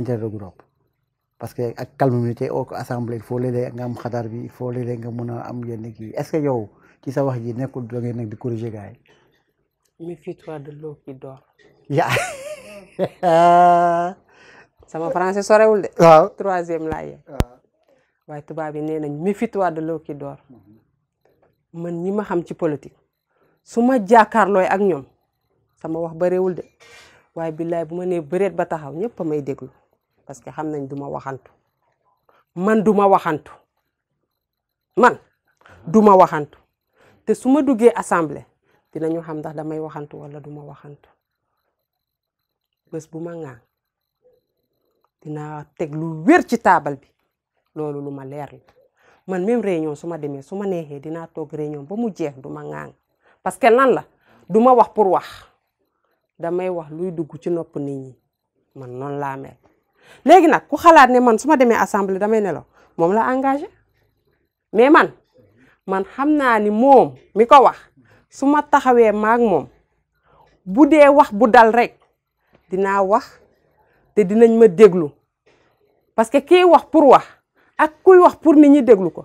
interview parce que ak calmité au assemblée il am xadaar bi il faut nga mën a am yenn kii est-ce que yow ci sa wax ji nekkul da ngeen nag di corriger gars yi. de l'eau qui dort. sama français sorewul de. waaw troisième laa yem. waaye tubaab yi nee nañ méfie-toi de l'eau qui dort man ñi ma xam ci politique su ma jàkkaarlooy ak ñoom sama wax bareewul de waaye billaay bu ma nee bëreet ba taxaw ñëpp may déglu. parce que xam nañ duma waxantu man duma waxantu man duma waxantu te su ma duggee assemblée dinañu xam ndax damay waxantu wala duma waxantu bés bu ma ŋaan dinaa teg lu wér ci taabal bi loolu lu ma leer la man même réunion su ma demee su ma neexee dinaa toog réunion ba mu jeex du ma ŋaan parce que lan la du ma wax pour wax damay wax luy dugg ci nopp nit ñi man noonu laa mel léegi nag ku xalaat ne man su ma demee assemblée damay nelaw moom la engagé mais man man xam naa ni moom mi ko wax su ma taxawee maak moom bu dee wax bu dal rek dinaa wax te dinañ ma déglu parce que ki wax pour wax ak kuy wax pour ni ñi déglu ko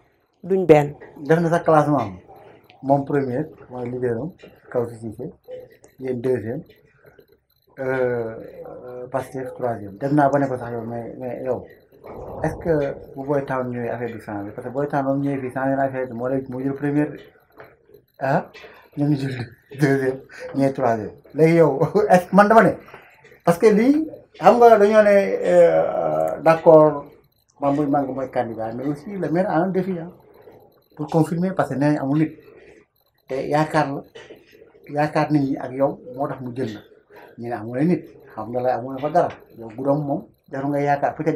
duñ benn. def na sa classement moom premier mooy leaderam Kawsu Cissé yéen deuxième. Euh, Pastef troisième dem naa ba ne sax yow mais mais yow est-ce que bu Boy Town ñëwee affaire bi changé parce que Boy Town moom ñëwee fii changé na affaire bi moo lay moo jël première ah ñoom ñu jël deuxième ñëwee troisième léegi yow est-ce que man dama parce que lii xam nga dañoo ne euh, d'accord Mame Boye Mango mooy candidat mais aussi le maire a un défi pour confirmer parce que nee nañ amul nit te yaakaar la yaakaar nit ñi ak yow moo tax mu jël na. ñu ne amulay nit xam nga la amul fa dara yow guddoom moom jaru nga yaakaar peut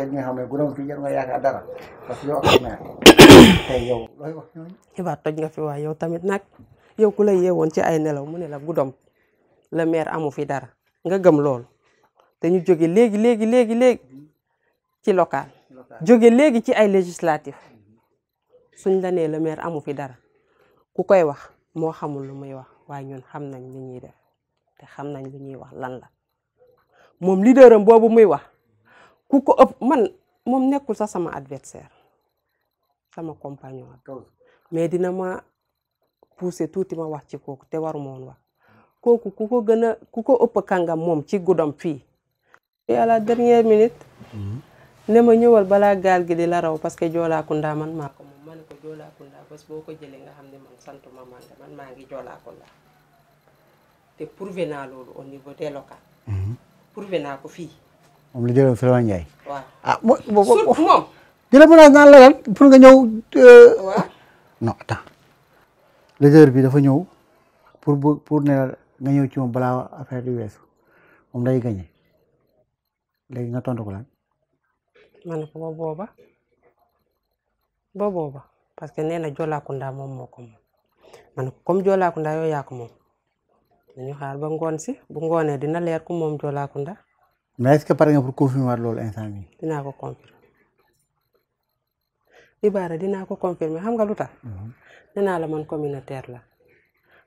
xam ne guddoom fii jaru nga yaakaar dara parce que toj nga fi waay yow tamit nag yow ku lay yeewoon ci ay nelaw mu ne la guddoom le maire amu fi dara nga gëm lool te ñu jóge léegi léegi léegi léegi ci local jóge léegi ci ay législatif suñ la nee le maire amu fi dara ku koy wax moo xamul lu muy wax waaye ñun xam nañ li ñuy def. xam nañ lu ñuy wax lan la moom leader boobu muy wax ku ko ëpp man moom nekkul sax sama adversaire sama compagnon mais dina ma pousser tuuti ma wax ci kooku te waru ma woon wax kooku ku ko gën a ku ko ëpp kàngam moom ci guddoom fii. à la dernière minute. Mm-hmm. ne ma ñëwal balaa gaal gi di la raw parce que Joolakunda man maa ko moom ma ne ko Joolakunda bés boo ko jëlee nga xam ne man santuma maa ngi Joolakunda. te prouvé loolu au niveau des locales. Mhm. ko fii. moom la jëloon Souleymane Ndiaye. Ah, moom. surtout moom. jëlee la lan pour nga ñëw. Euh, waaw non attends. leader bi dafa ñëw pour bu pour ne nga ñëw ci moom balaa affaire di weesu moom day gagné léegi nga tontu ko lan. ko ba booba ba booba parce que nee na Joolakunda moom moo ko moom ma ne moom. dañu xaar ba ngoon si bu ngoonee dina leer ku moom Joolakunda. mais est-ce que pare nga pour confirmer loolu instant bi dinaa ko confirmer Ibaara dinaa ko confirmer xam nga lu tax. Mhm. nee naa la man communautaire la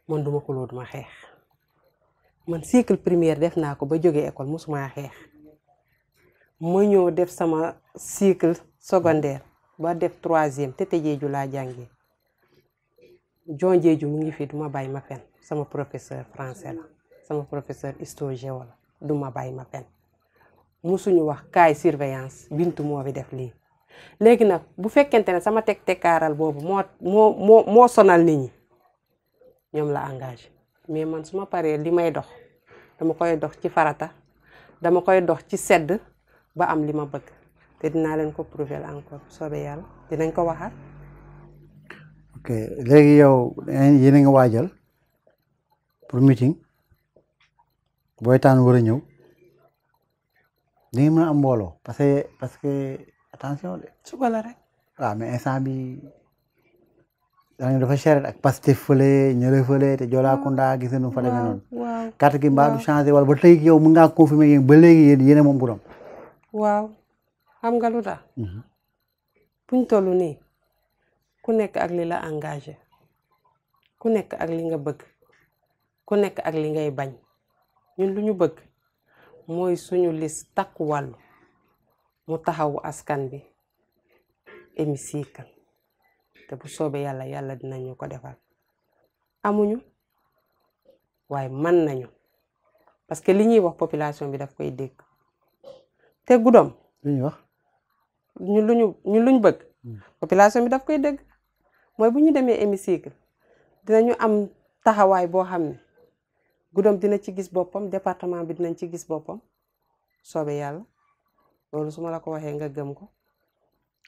man duma xuloo xeex man cycle primaire def naa ko ba jógee école mosuma xeex ma ñëw def sama cycle secondaire ba def troisième te tëjee laa jàngee jonjee ju mu ngi fi duma bàyyi ma fen sama professeur français la sama professeur histoire-géo du ma bay ma fen musuñu wax kaay surveillance bintu moo fi def lii léegi nag bu fekkente ne sama teg kaaral boobu moo moo moo moo sonal nit ñi ñoom la engagé mais man su ma paree li may dox dama koy dox ci farata dama koy dox ci sedd ba am li ma bëgg te dinaa leen ko prouver encore soobee yàlla dinañ ko waxaat. ok léegi yow yéen a ngi waajal. pour meeting booy tànn war ñëw di nga mën mbooloo parce que parce que attention de. suba la rek. waaw mais instant bi dafa cher ak Pastef fële ñële te Joolakunda gis nañu fa demee noonu. gi mbaa du changé wala ba tey yow mën ngaa confirmer yéen ba léegi yéen a moom ku doon. waaw xam nga lu tax. buñ mhm. toll nii ku nekk ak li la engagé ku nekk ak li nga bëgg. ku nekk ak li ngay bañ ñun lu ñu bëgg mooy suñu lis takku wàllu mu taxawu askan bi hémicycle te bu soobee yàlla yàlla ñu ko defal amuñu waaye mën nañu parce que li ñuy wax population bi daf koy dégg te guddoom lu ñuy wax ñun luñu ñun bëgg hmm. population bi daf koy dégg mooy bu ñu demee hémicycle dinañu am taxawaay boo xam ne guddoom dina ci gis boppam département bi dinañ ci gis boppam soobee yàlla loolu su ma la ko waxee nga gëm ko.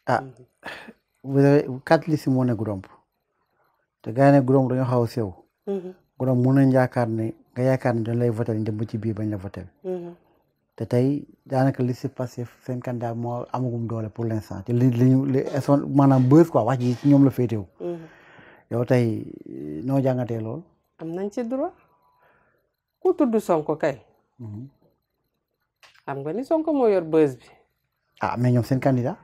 ah vous mm-hmm. avez quatre listes moo ne guddoom te gaa ne guddoom dañoo xaw a sew. Mm-hmm. guddoom mun nañ yaakaar ne nga yaakaar ne dañ lay voté dem ci biir bañ la voté. Mm-hmm. te daanaka liste Pastef seen candidat moo amagum doole pour l' instant te li maanaam bës quoi wax ji ñoom la féetewu yow tey noo jàngatee lool. am nañ ci droit. ku tudd Sonko kay. Mhm. xam nga ni Sonko moo yor bës bi. ah mais ñoom seen candidat.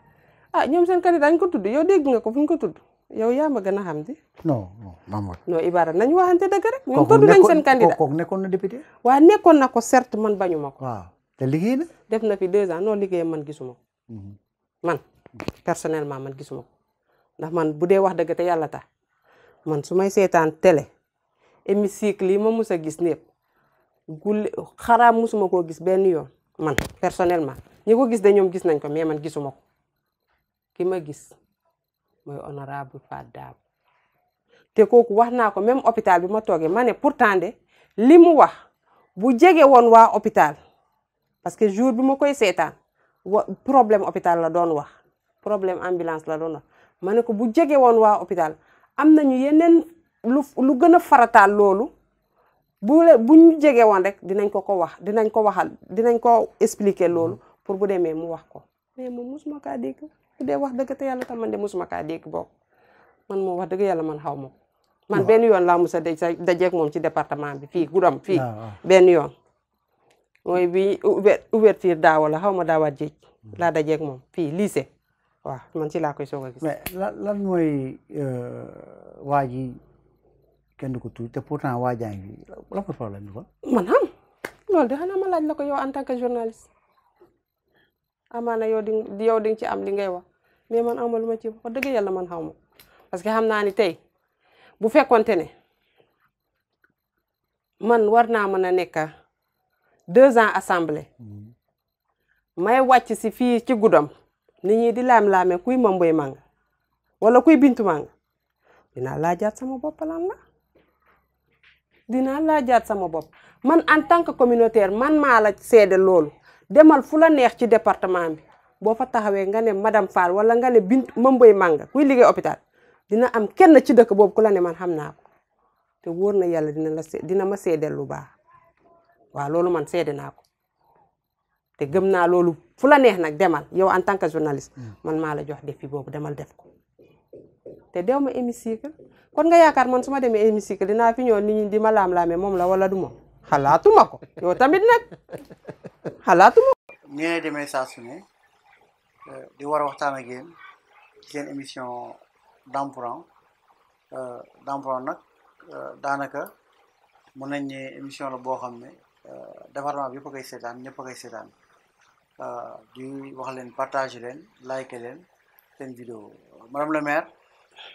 ah ñoom seen candidat ñu ko tudd yow dégg nga ko fu ñu ko tudd yow yaa ma gën a xam di. non non Mamadou. non Ibara nañu waxante dëgg rek. ñoom tudd nañ seen candidat kooku nekkoon na député. waaw nekkoon na ko certes man bañu ma ko. waaw te liggéey na. def na fi deux ans liggéey man gisuma ko. Mhm. man personnellement man gisuma ko ndax man bu dee wax dëgg te yàlla tax man su may seetaan télé hémicycle yi ma mus a gis népp gulle xaraa musuma koo gis benn yoon man personnellement ñi ko gis de ñoom gis nañ ko mais man gisuma ko ki ma gis mooy honorable Fat Dabo te kooku wax naa ko même hôpital bi ma toogee ma ne pourtant de li mu wax bu jege woon waa hôpital parce que jour bi ma koy seetaan wa problème hôpital la doon wax problème ambulance la doon wax ma ne ko bu jege woon waa hôpital am nañu yeneen lu lu gën a farataal loolu bu le bu ñu jege woon rek dinañ ko ko wax dinañ ko waxal dinañ ko expliquer loolu pour bu demee mu wax ko mu moom mosuma kaa dégg bu dee wax dëgg te yàlla tam man de mosuma kaa dégg bokk man moom wax dëgg yàlla man xaw ma ko man benn yoon laa mos a daj sa moom ci département bi fii gudam fii benn yoon mooy bi ouverture daaw la xaw ma daawaat jéej hmm. laa dajeeg moom fii lycée waaw man ci laa koy soog a gis mais lan euh, ji kenn du ko tuur te pourtant waa jaa ngi la ko problème bi quoi. maanaam loolu de xanaa ma laaj la ko yow en tant que journaliste amaana yow di yow di nga ci am li ngay wax mais man amal ma ci wax dëgg yàlla man xaw ma parce que xam naa ni tey bu fekkonte ne man war naa mën a nekk deux ans assemblée mm-hmm. may wàcc si fii ci guddoom nit ñi di laam-laame kuy Mame Boye Maang wala kuy Bintu Maang dinaa laajaat sama bopp lan la. dina laa jaat sama bopp man en tant que communautaire man maa la seede loolu demal fu la neex ci département bi boo fa taxawee nga ne madame Fall wala nga ne bint Mambay Manga kuy liggéey hôpital dina am kenn ci dëkk boobu ku la ne man xam naa ko te wóor na yàlla dina la dina ma seedeel lu baa waaw loolu man sede naa ko te gëm naa loolu fu la neex nag demal yow en tant que journaliste hmm. man maa la jox défi boobu demal def ko. te dew ma hémicycle kon nga yaakaar man suma ma demee hémicycle dinaa fi ñëw nit ñi di ma laam-laamee moom la wala du ma xalaatuma ko yow tamit nag xalaatuma ni ne demee euh, di war a waxtaan a yéen ci émission Dame Pouran Dame Pouran nag euh, daanaka mën nañ émission la boo xam ne euh, département bi yëpp a koy seetaan ñëpp a koy seetaan di wax leen partage leen like leen seen vidéo madame le maire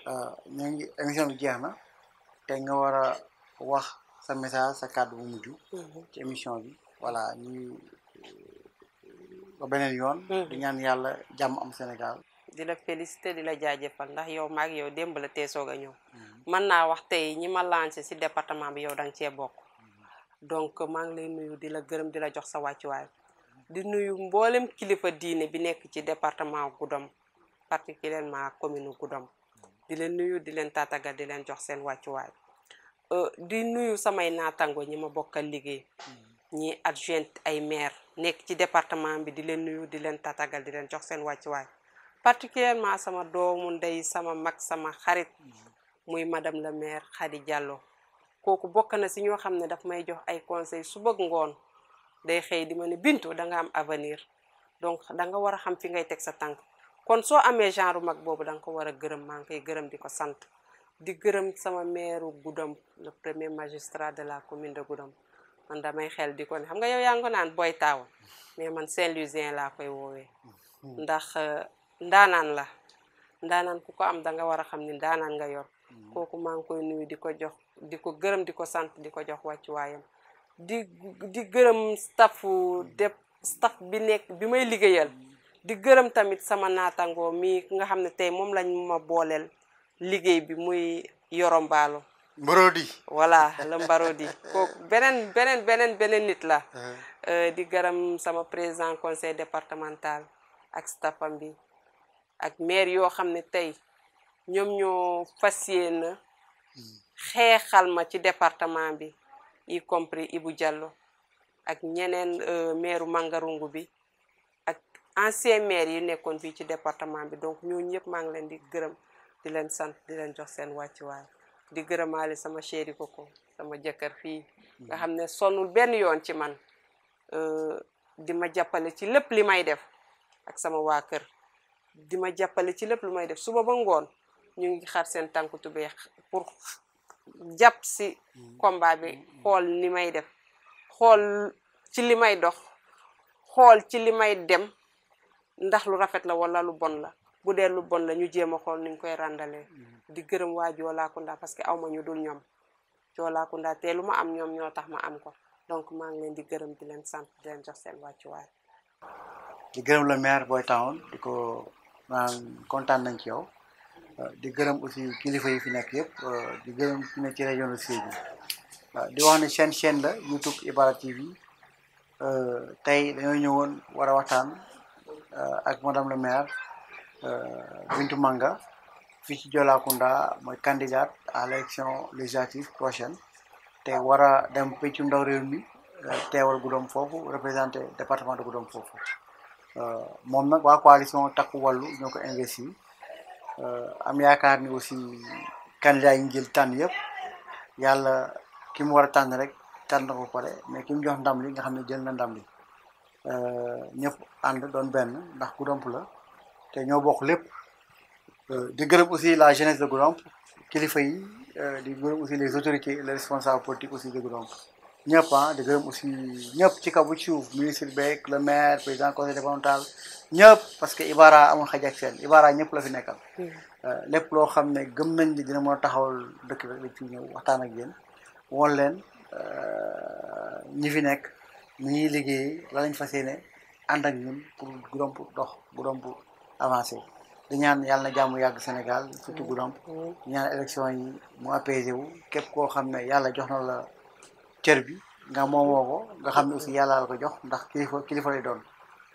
Euh, ñu ngi émission bi jeex na te nga war a wax sa message sa kàddu bu mujj mhm. ci émission bi voilà ñuy ba beneen yoon mhm. di ñaan yàlla jàmm am Sénégal di la félicité di la jaajëfal ndax yow maag yow démb la tee soog a ñëw mhm. mën naa wax tey ñi ma lancé si département bi yow da nga cee bokk donc maa ngi lay nuyu di la gërëm di la jox sa wàccuwaay di nuyu mboolem kilifa diine bi nekk ci département Goudomp particulièrement commune Goudomp di leen nuyu di leen tatagal di leen jox seen wàccuwaay euh, di nuyu samay naatango ñi ma bokkal liggéey mm. ñi adjoint ay maire nekk ci département bi di leen nuyu di leen tatagal di leen jox seen wàccuwaay particulièrement sama doomu ndey sama mag sama xarit mm. muy madame la maire Khady Diallo kooku bokk na si ñoo xam ne daf may jox ay conseil su bëgg ngoon day xëy dima ma ne Bintu da am avenir donc da nga xam fi ngay teg sa tànk kon so amee genre mag boobu da nga ko war a gërëm maa ngi koy gërëm di ko sant di gërëm sama maire Goudomp le premier magistrat de la commune de Goudomp man damay xel di ko ne xam nga yow yaa naan boy taawa mais man Saint-Louisien laa koy woowee ndax euh, ndaanaan la ndaanaan ku ko am da nga war a xam ni ndaanaan nga yor kooku maa koy nuyu di ko jox di ko gërëm di ko sant di ko jox wàccuwaayam di di gërëm staffu dep staff bi nekk bi may liggéeyal di gërëm tamit sama naatangoo mi nga xam ne tey moom lañ ma booleel liggéey bi muy yorombaalo mbarodi voilà la mbarodi kooku beneen beneen beneen nit la ah. euh, di gërëm sama président conseil départemental ak staffam bi ak maire yoo xam ne tey ñoom ñoo fas yéene xeexal ma ci département bi y compris Ibou Diallo ak ñeneen euh, maireu Mangarungu bi ancien maire yi nekkoon fii ci département bi donc ñooñu ñëpp maa ngi leen di gërëm di leen sant di leen jox seen wàccuwaay di gërëmaale sama chéri koko sama jëkkër fii nga xam ne sonnul benn yoon ci man euh, di ma jàppale ci lépp li may def ak sama waa kër di ma jàppale ci lépp lu may def suba ba ngoon ñu ngi xar seen tànku tubee pour jàpp si combat xool ni may def xool ci li may dox xool ci li may dem ndax lu rafet la wala lu bon la bu dee lu bon la ñu jéem a xool ni ñu koy ràndalee mm-hmm. di gërëm waa Joolaakundaa parce que aw ma ñu dul ñoom Joolaakundaa te lu ma am ñoom ñoo tax ma am ko donc maa ngi leen di gërëm di leen sant di seen wàccuwaay. gërëm la maire Boy Town di ko naan kontaan nañ ci yow euh, di gërëm aussi kilifa yi fi nekk yëpp euh, di gërëm fi nekk ci région de Sédhiou euh, di wax ne chaîne chaîne la YouTube Ibara TV tey dañoo ñëwoon war a waxtaan. Euh, ak madame le maire euh, Bintou Manga fii ci Jolakunda mooy candidate à l'élection législative prochaine te war a dem péccu ndaw réew mi euh, teewal Goudomp foofu représenté département de Goudomp foofu moom na waa coalition takku wàllu ñoo ko investi am yaakaar ni aussi candidat yi jël tànn yëpp yàlla ki mu war a tànn rek na ko pare mais ki mu jox ndam li nga xam ne jël na ndam li Euh, ñëpp ànd doon benn ndax Goudomp la te ñoo bokk lépp euh, di gërëm aussi la jeunesse de Goudomp kilifa yi euh, di gërëm aussi les autorités les responsables politiques aussi de Goudomp ñëpp ah aussi ñëpp ci kaw bu ci suuf ministre beeg le maire président conseil départemental ñëpp parce que Ibara amul xaj ak Ibara ñëpp la fi nekkal hmm. lépp loo xam ne gëm nañ ni dina mën a taxawal dëkk bi rek lañ fi ñëw waxtaan fi nekk ni liggéey liggéeyee la lañ fas yéene ànd ak ñun pour Goudomp dox Goudomp avancé di ñaan yàlla na jàmm yàgg Sénégal surtout Goudomp mm-hmm. mm-hmm. di ñaan élection yi mu apaisé wu képp koo xam ne yàlla jox na la cër bi nga moomoo ko nga xam ne aussi yàlla la jox ndax kilifa kilifa lay doon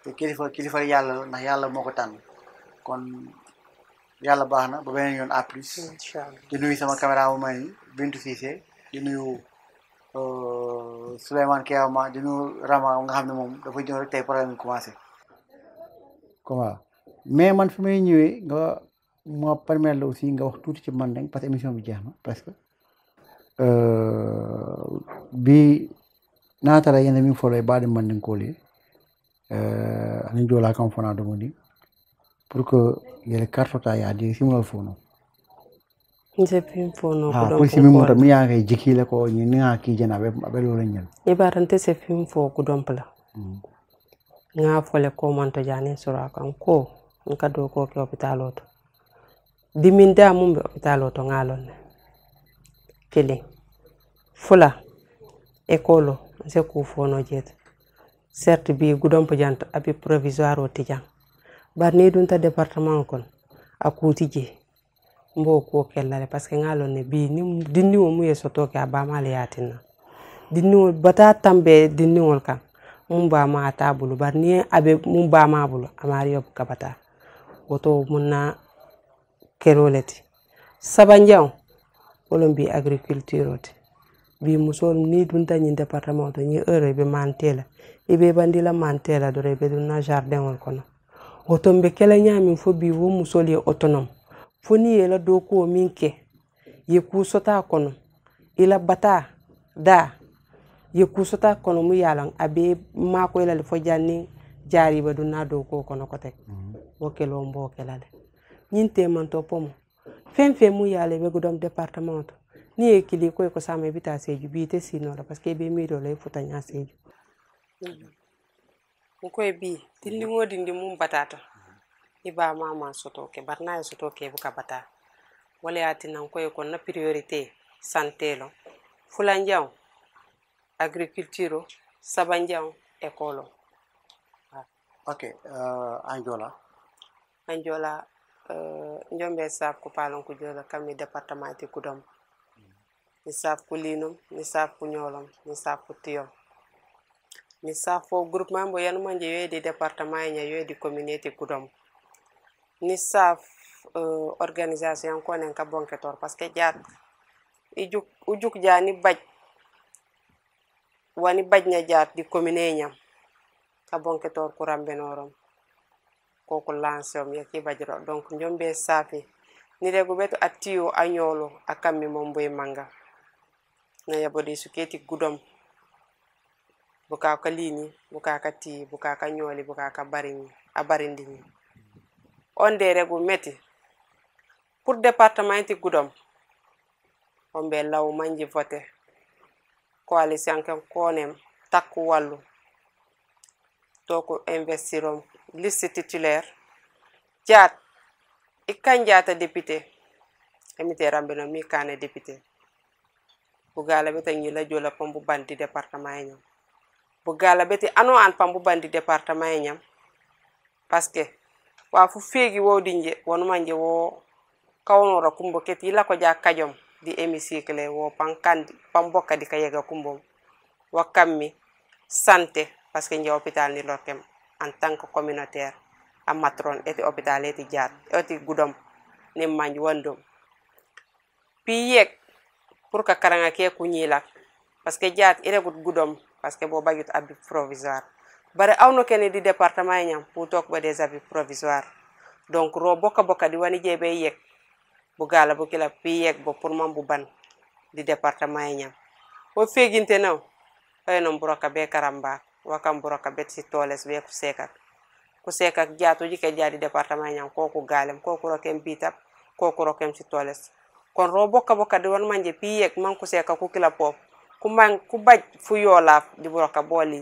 te kilifa kilifa yàlla la ndax yàlla moo ko tànn kon yàlla baax na ba beneen yoon à plus di nuyu sama caméra bu may Bintu Cissé di nuyu Souleymane Keyama di nuyu Rama nga xam ne moom dafa ñëw tey problème bi commencé. comment mais man fi may ñëwee nga ma permettre aussi nga wax tuuti ci man rek parce que émission bi jeex na presque. bi naatara yende min folo e mbaɗi mandinkoli ana joola kam fona domoni pour que yele kartota yaade simlol fof noon njepin fono ha ko si min mi yaga jikila ko ni ni ha ki jana be be lo nyal e barante se fin fo ku dom nga fole ko man to jani sura kan ko nka do ko ke to dimin da mun be hospital to ngalon kele fula ekolo se ku fono jet certe bi gudom pajant abi provisoire o tijan bar ni dun département kon akutije n b'o ko kɛlɛ la paseke n ne bi ni dindiŋo mun ye sɔtɔ kɛ a baamaale y'a ti na bata tan bɛɛ dindiŋo kan mun baama a t'a bolo bari ni a bɛ mun baama a bolo a ma yɔb kabata woto mun na kɛr'o le ti sabanjɛw wolon bi agriculture ti ni dun ta ɲin département to ɲi heure i bɛ man la i jardin kɔnɔ woto n bɛ kɛlɛ ɲa fo bi wo musol ye autonome fo ni ye la dookuwo min kɛ ye kuu sɔta kɔnɔ i la bata da ye kuu sɔta kɔnɔ mu yalan a bee maako la le fo janni jaari ba dun naa dookuwo kɔnɔ kɔtɛ mhm. wo kelo boo kela le ñiŋ teemanto pomo feŋ feŋ mu ye a la i be gudom departement to niŋ ye kili ko i ko saama i bi taa seeju bii ite siinoo la parce que i be miidoo la i futa ñaa seeju nkoye bii dindiŋo dindi muŋ bataata i ba mama sotoke bari na ye sotoke buka bata wala ye tinanko ye konna priorité santé lo fulanjaŋo agriculture sabanjaŋo école ok uh, euh, saf ko palon ko jola kammi département ti kudom ni saf ko linum ni saf ko ñolom ni saf ko tiyom ni saf fo groupement mbo yanuma nje yoydi département ye ña yoydi communauté kudom nisaf uh, organisation konen ka bonketor paske jat ijuk ujuk jani baj wani bajna jat di commune ñam ka bonketor kurambe norom koku lansom yaki bajro donc njombe safi ni rego beto atiyo anyolo akammi momboy manga na yabode suketi gudom buka ka lini buka ka ti buka ka nyoli buka ka barini a barindi ondeeregu meti pour département ti gudom on ɓe law manji vote coalition ken konem takku wallu to ko investirom liste titulaire jaat i kan député emite rambino mi kane député bugala ɓe ta ñila jola pambu département e ñam bugala ɓe ti ano département e ñam wa fu feegi wo dinje wonumanje wo kawnora kumbo keti yila ko ja kajom di hémicycle wo pankandi pambokka di ka yega kumbom wa kammi santé parce que nje hôpital ni lorkem en tant que communautaire a matron eti hôpital eti jaat eti gudom ni manj wandom pi yek pour ka karanga ke kunyilak parce que jaat ire gud gudom parce que bo bagut abi provisoire bare awno kene di département e ñam pour tok ba des avis provisoire donc ro bokka bokka ɗi wani je ɓe yek bo gala bo kila pi yek bo pour man bo ban di département e ñam o feginte naw ay non buroka be karamba wakam buroka bet si toles be ku sekak ku sekak jatuji ke département e ñam koku galem koku rokem bitap koku rokem si toles kon ro bokka bokka ɗi wan manje pi yek man ku seka ku kila pop ku man ku yolaf ɗi buroka boli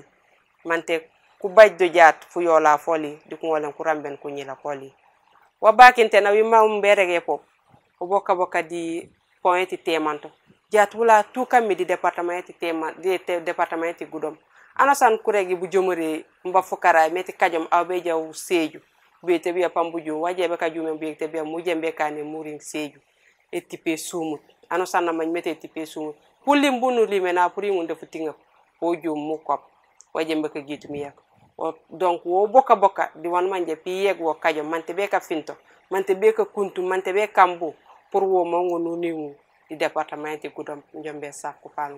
mante kubajjo jat fuyola foli dukuŋolen kuranben kuñila koli wo ma wimawum berege pop wo bokka bokka di point ti temanto jat wula tukammi di département ti tema di département ti gudom anasan kuregi bu jomore mba fukara meti kajom aw be jaw seju be tebiya pambujo waje be kajume be tebiya mujembe kane murin seju etipe sumut anasan namany mete etipe sumut kullim bunu limena puri ngunde futinga wo jom mukop waje mbaka gitu miyak donc wo boka boka diwan manje pi yeg wo kajo mante be ka finto mante be ka kuntu mante be kambu pour wo mango nuni ngu di departement ti gudom njombe sakku palu